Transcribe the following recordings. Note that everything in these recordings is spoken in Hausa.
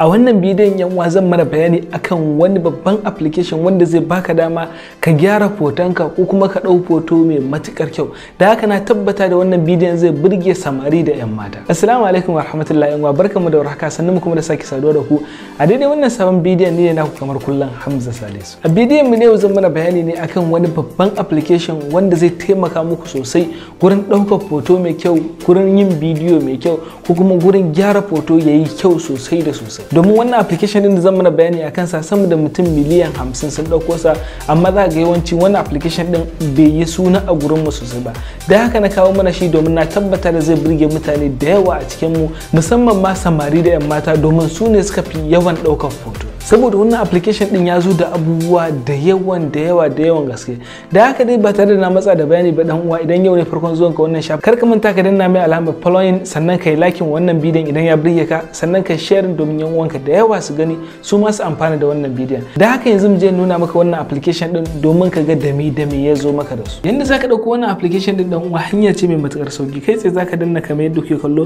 a wannan bidiyon yanwa zan mana bayani akan wani babban application wanda zai baka dama ka gyara fotonka ko kuma ka ɗau foto mai matukar kyau da haka na tabbata da wannan bidiyon zai burge samari da yan mata assalamu alaikum wa rahmatullahi wa barkamu da warhaka sannan mu kuma da sake saduwa da ku a daidai wannan sabon bidiyon ne naku kamar kullum Hamza Salisu a bidiyon mu ne yau zan mana bayani ne akan wani babban application wanda zai taimaka muku sosai gurin ɗaukar foto mai kyau gurin yin bidiyo mai kyau ko kuma gurin gyara foto yayi kyau sosai da sosai domin wannan application din da zan mana bayani akan sa sama da mutum miliyan 50 sun dauko sa amma za ga yawanci wannan application din bai yi suna a gurin mu sosai ba da haka na kawo mana shi domin na tabbata da zai burge mutane da yawa a cikin mu musamman ma samari da yan mata domin su ne suka fi yawan daukan foto saboda wannan application din ya zo da abubuwa da yawan da yawa da yawan gaske da haka dai ba tare da na matsa da bayani ba dan uwa idan yau ne farkon zuwan ka wannan shafi kar ka manta ka danna mai alamar following sannan kai lakin wannan bidiyon idan ya burge ka sannan ka share domin yan uwanka da yawa su gani su ma su amfana da wannan bidiyon da haka yanzu mu je nuna maka wannan application din domin ka ga dame dame ya zo maka da su yanda zaka dauko wannan application din dan uwa hanya ce mai matukar sauki kai tsaye zaka danna kamar yadda kuke kallo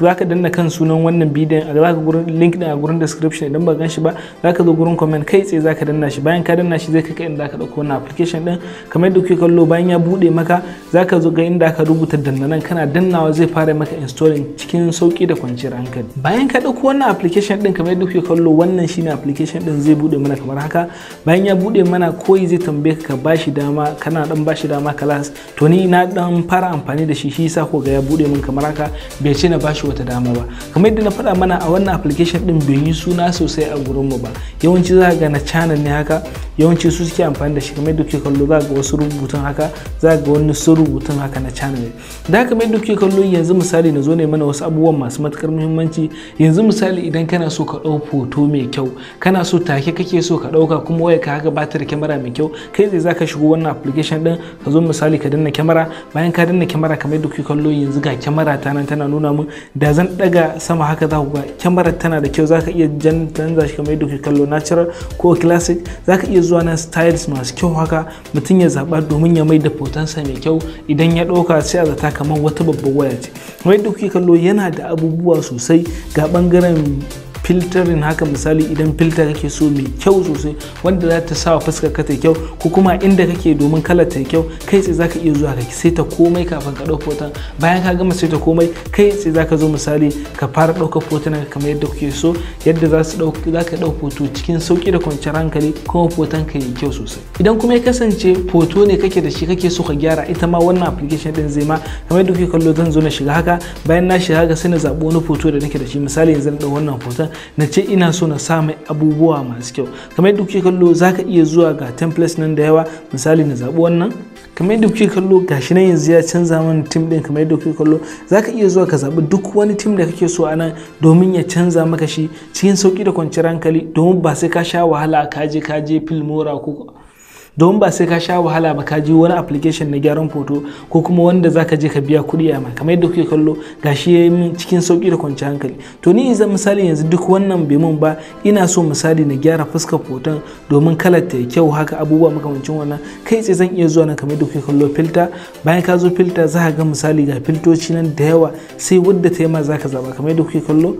za ka danna kan sunan wannan bidiyon a zaka gurin link din a gurin description idan ba gan shi ba za ka zo gurin comment kai tsaye za ka danna shi bayan ka danna shi zai kai inda ka dauko wannan application din kamar yadda kuke kallo bayan ya bude maka za ka zo ga inda aka rubuta danna nan kana dannawa zai fara maka installing cikin sauki da kwanciyar hankali bayan ka dauko wannan application din kamar yadda kuke kallo wannan shine application din zai bude mana kamar haka bayan ya bude mana koyi zai tambaye ka ka bashi dama kana dan bashi dama class to ni na dan fara amfani da shi shi yasa ko ga ya bude min kamar haka bai ce na bashi shi wata dama ba kamar yadda na faɗa mana a wannan application din bai yi suna sosai a gurin mu ba yawanci za ga na channel ne haka yawanci su suke amfani da shi kamar yadda kuke kallo za ga wasu rubutun haka za ga wani su rubutun haka na channel da haka kamar yadda kallo yanzu misali na zo ne mana wasu abubuwan masu matukar muhimmanci yanzu misali idan kana so ka ɗau hoto mai kyau kana so take kake so ka ɗauka kuma waya ka haka ba ta da kyamara mai kyau kai zai zaka shigo wannan application din ka zo misali ka danna kyamara bayan ka danna kyamara kamar yadda kuke kallo yanzu ga kyamara ta nan tana nuna mun da zan daga sama haka za ku ga kyamarar tana da kyau za ka iya canza shi kamar yadda kuke kallo natural ko classic za ka iya zuwa na styles masu kyau haka mutum ya zaɓa domin ya mai da fotonsa mai kyau idan ya ɗauka sai a zata kamar wata babbar waya ce kamar yadda kuke kallo yana da abubuwa sosai ga ɓangaren filtarin haka misali idan filter kake so mai kyau sosai wanda za ta sa fuskar ka ta kyau ko kuma inda kake domin kalar ta kyau kai tsaye zaka iya zuwa ka saita komai kafin ka dauko hoton bayan ka gama saita komai kai tsaye zaka zo misali ka fara ɗauka hotunan kamar yadda kuke so yadda za su ɗauka ɗauka hoto cikin sauki da kwanciyar hankali kuma hoton ka yi kyau sosai idan kuma ya kasance foto ne kake da shi kake so ka gyara ita ma wannan application din zai ma kamar yadda kuke kallo zan zo na shiga haka bayan na shiga haka sai na zabo wani hoto da nake da shi misali yanzu na wannan hoton na ce ina so na sa mai abubuwa masu kyau kamar yadda kuke kallo za ka iya zuwa ga templates nan da yawa misali na zaɓi wannan kamar yadda kuke kallo shi nan yanzu ya canza mana tim ɗin kamar yadda kuke kallo za ka iya zuwa ka zaɓi duk wani tim da kake so a nan domin ya canza maka shi cikin sauƙi da kwanciyar hankali domin ba sai ka sha wahala ka je ka je filmora ko don ba sai ka sha wahala ba ka ji wani application na gyaran foto ko kuma wanda za ka je ka biya kuɗi a mai kamar yadda kuke kallo ga shi ya yi cikin sauki da kwanci hankali to ni zan misali yanzu duk wannan bai mun ba ina so misali na gyara fuskar foton domin kalar ta kyau haka abubuwa makamancin wannan kai tsaye zan iya zuwa nan kamar yadda kuke kallo filta bayan ka zo filta za ka ga misali ga filtoci nan da yawa sai wadda ta yi ma za ka zaba kamar yadda kuke kallo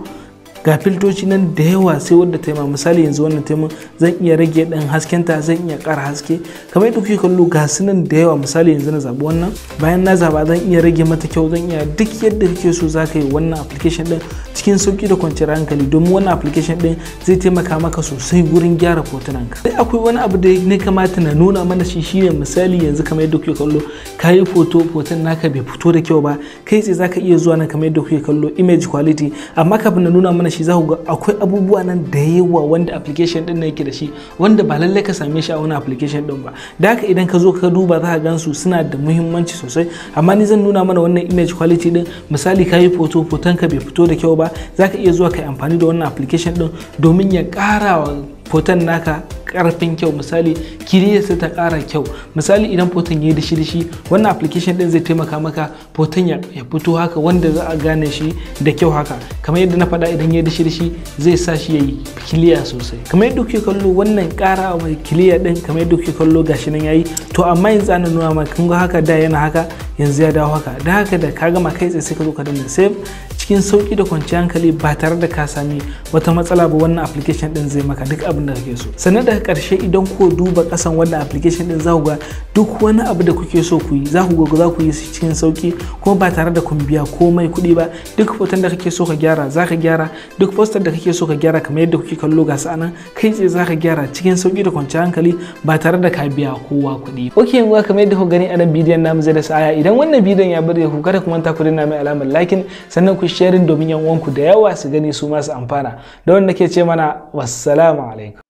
ga filtoci nan da yawa sai wadda ta ma misali yanzu wannan ta zan iya rage dan haskenta zan iya kara haske kamar yadda kuke kallo ga su nan da yawa misali yanzu na zabi wannan bayan na zaba zan iya rage mata kyau zan iya duk yadda kake so zaka yi wannan application din cikin sauki da kwanciyar hankali domin wannan application din zai taimaka maka sosai wurin gyara hotunanka sai akwai wani abu da ne kamata na nuna mana shi shine misali yanzu kamar yadda kuke kallo kayi foto hoton naka bai fito da kyau ba kai tsaye zaka iya zuwa nan kamar yadda kuke kallo image quality amma kafin na nuna mana shi za ku ga akwai abubuwa nan da yawa wanda application din na yake da shi wanda ba lallai ka same shi a wani application din ba da haka idan ka zo ka duba za ka gansu suna da muhimmanci sosai amma ni zan nuna mana wannan image quality din misali kayi foto hoton ka bai fito da kyau ba Za ka iya zuwa kai amfani da wannan application din domin ya kara wa hoton naka karfin kyau misali kiriyarsa ta kara kyau misali idan foton ya dishi dishi wannan application din zai taimaka maka foton ya fito haka wanda za a gane shi da kyau haka kamar yadda na faɗa idan ya dishi dishi zai sa shi yayi kiliya sosai kamar yadda kuke kallo wannan kara mai kiliya din kamar yadda kuke kallo gashi nan yayi to amma in ana nuna ma kun ga haka da yana haka yanzu ya dawo haka da haka da ka gama kai tsaye sai ka zo ka danna save cikin sauki da kwanciyar hankali ba tare da ka sami wata matsala ba wannan application din zai maka duk abin da kake so sannan daga karshe idan ko duba kasan wannan application din za ga duk wani abu da kuke so ku yi za ku ga za ku yi cikin sauki kuma ba tare da kun biya komai kuɗi ba duk hoton da kake so ka gyara za ka gyara duk poster da kake so ka gyara kamar yadda kuke kallo ga sa'anan kai tsaye za ka gyara cikin sauki da kwanciyar hankali ba tare da ka biya kowa kuɗi ok yanzu kamar yadda ku gani a nan bidiyon namu zai da sa'aya idan wannan bidiyon ya bude ku kada ku manta ku dinna mai alamar lakin sannan ku sharing domin yan da yawa su gani su masu amfana da wanda nake ce mana wassalamu alaikum